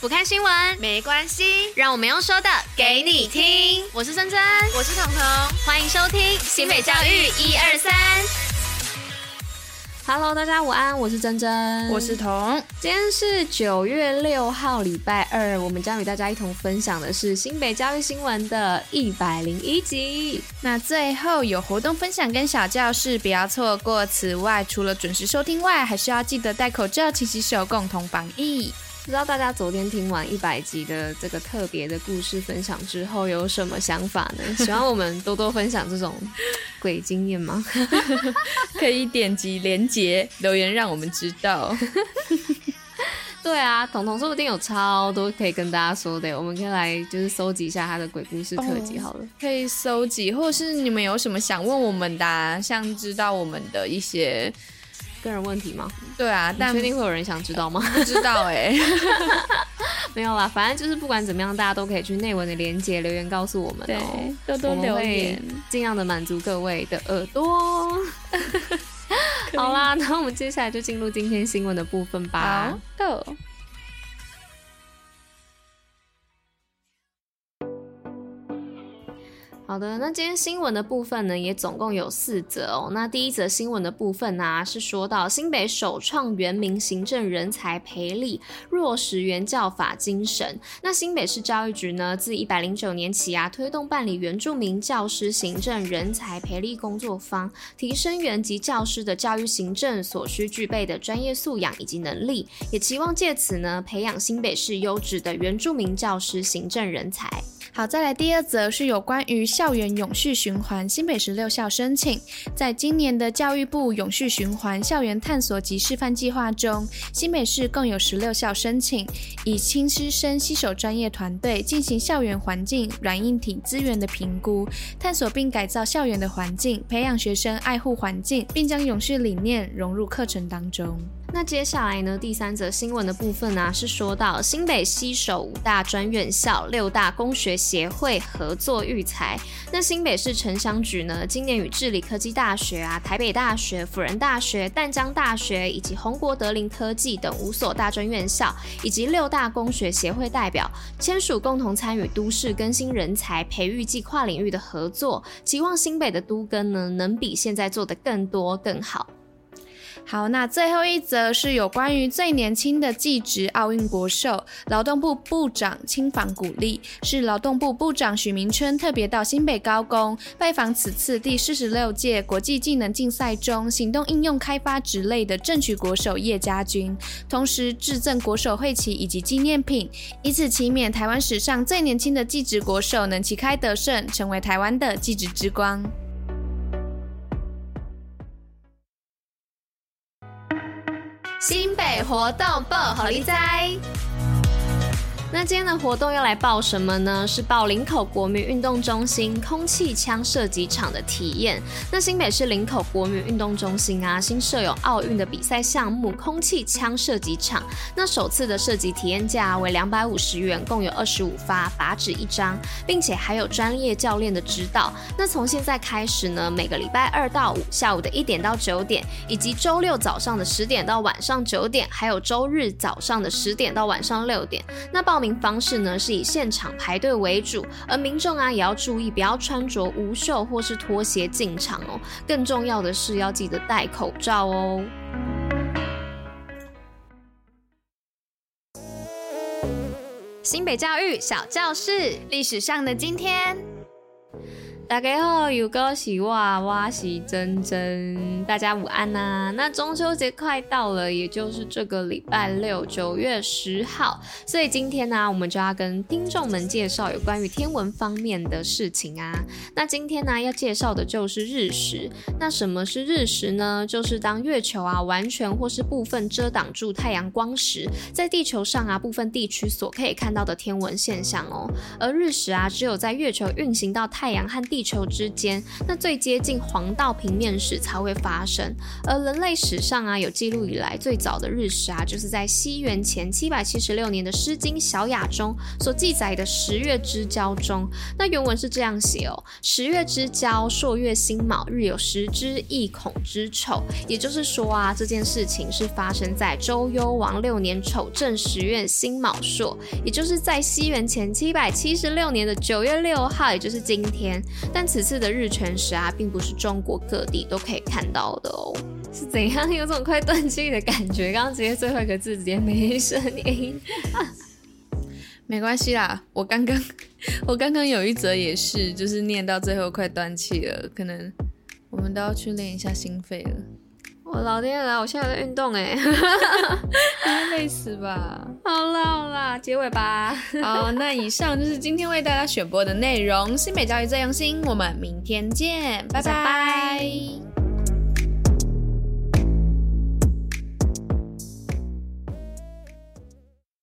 不看新聞沒關係，讓我們用說的給你聽。你聽，我是珍珍，我是彤彤，歡迎收聽新北教育一二三。Hello，大家午安，我是珍珍，我是彤。今天是九月六號，禮拜二，我們將與大家一同分享的是新北教育新聞的一百零一集。那最後有活動分享跟小教室，不要錯過。此外，除了準時收聽外，還需要記得戴口罩、勤洗手，共同防疫。不知道大家昨天聽完一百集的這個特別的故事分享之後有什麼想法呢？喜歡我們多多分享這種鬼經驗嗎？ 可以點擊連結留言讓我們知道。 對啊，彤彤說不定有超多可以跟大家說的，我們可以來就是搜集一下他的鬼故事特輯好了。Oh, 可以搜集，或者是你們有什麼想問我們的、啊，想知道我們的一些。個人問題嗎？對啊，你確定會有人想知道嗎？嗯、 不知道哎、欸， 沒有啦，反正就是不管怎麼樣，大家都可以去內文的連結留言告訴我們哦、喔，對，多多留言，我們會盡量的滿足各位的耳朵。 好啦，那我們接下來就進入今天新聞的部分吧。Go。好的，那今天新聞的部分呢，也總共有四則哦。那第一則新聞的部分呢，啊，是說到新北首創原民行政人才培力，落實原教法精神。那新北市教育局呢，自一百零九年起啊，推動辦理原住民教師行政人才培力工作坊，提升原籍教師的教育行政所需具備的專業素養以及能力，也期望借此呢，培養新北市優質的原住民教師行政人才。好，再來第二則是有關於校園永續循環。新北十六校申請在今年的教育部永續循環校園探索及示範計劃中，新北市共有十六校申請，以親師生攜手專業團隊進行校園環境軟硬體資源的評估，探索並改造校園的環境，培養學生愛護環境，並將永續理念融入課程當中。那接下來呢，第三則新聞的部分呢、啊，是說到新北攜手五大專院校、六大公學協會合作育才。那新北市城鄉局呢，今年與致理科技大學啊、啊台北大學、輔仁大學、淡江大學以及宏國德霖科技等五所大專院校以及六大公學協會代表簽署共同參與都市更新人才培育及跨領域的合作，期望新北的都更呢，能比現在做得更多更好。好，那最後一則是有關於最年輕的技職奧運國手，勞動部部長親訪鼓勵，是勞動部部長許明春特別到新北高工拜訪此次第四十六屆國際技能競賽中行動應用開發職類的正取國手葉家軍，同時致贈國手會旗以及紀念品，以此祈勉台灣史上最年輕的技職國手能旗開得勝，成為台灣的技職之光。新北活動報馬仔那今天的活動要來報什麼呢？是報林口國民運動中心空氣槍射擊場的體驗。那新北市林口國民運動中心啊，新設有奧運的比賽項目——空氣槍射擊場。那首次的射擊體驗價為兩百五十元，共有二十五發靶紙一張，並且還有專業教練的指導。那從現在開始呢，每個禮拜二到五下午的一點到九點，以及周六早上的十點到晚上九點，還有周日早上的十點到晚上六點，那報。報名方式呢，是以現場排隊為主，而民眾啊也要注意不要穿着無袖或是拖鞋進場哦。更重要的是要記得戴口罩哦。新北教育小教室，歷史上的今天。大家好，有哥喜哇哇，喜真真。大家午安吶、啊！那中秋節快到了，也就是這個禮拜六，九月十號。所以今天呢、啊，我們就要跟聽眾們介紹有關於天文方面的事情啊。那今天呢、啊，要介紹的就是日食。那什麼是日食呢？就是當月球啊完全或是部分遮擋住太陽光時，在地球上啊部分地區所可以看到的天文現象哦。而日食啊，只有在月球運行到太陽和地地球之間，那最接近黃道平面時才會發生。而人類史上啊，有記錄以來最早的日食啊，就是在西元前七百七十六年的《詩經·小雅》中所記載的“十月之交”中。那原文是這樣寫哦：“十月之交，朔月辛卯，日有十之一孔之醜。”也就是說啊，這件事情是發生在周幽王六年丑正十月辛卯朔，也就是在西元前七百七十六年的九月六號，也就是今天。但此次的日全食啊，並不是中國各地都可以看到的哦、喔。是怎樣有這種快斷氣的感覺？剛剛直接最後一個字直接沒聲音， 沒關係啦。我剛剛我剛剛有一則也是，就是念到最後快斷氣了，可能我們都要去練一下心肺了。我老天爺啊！我現在在運動哎，應 會、 欸、累死吧？好啦，好啦，結尾吧。好，那以上就是今天為大家選播的內容。 新北教育最用心，我們明天見，拜拜。拜拜。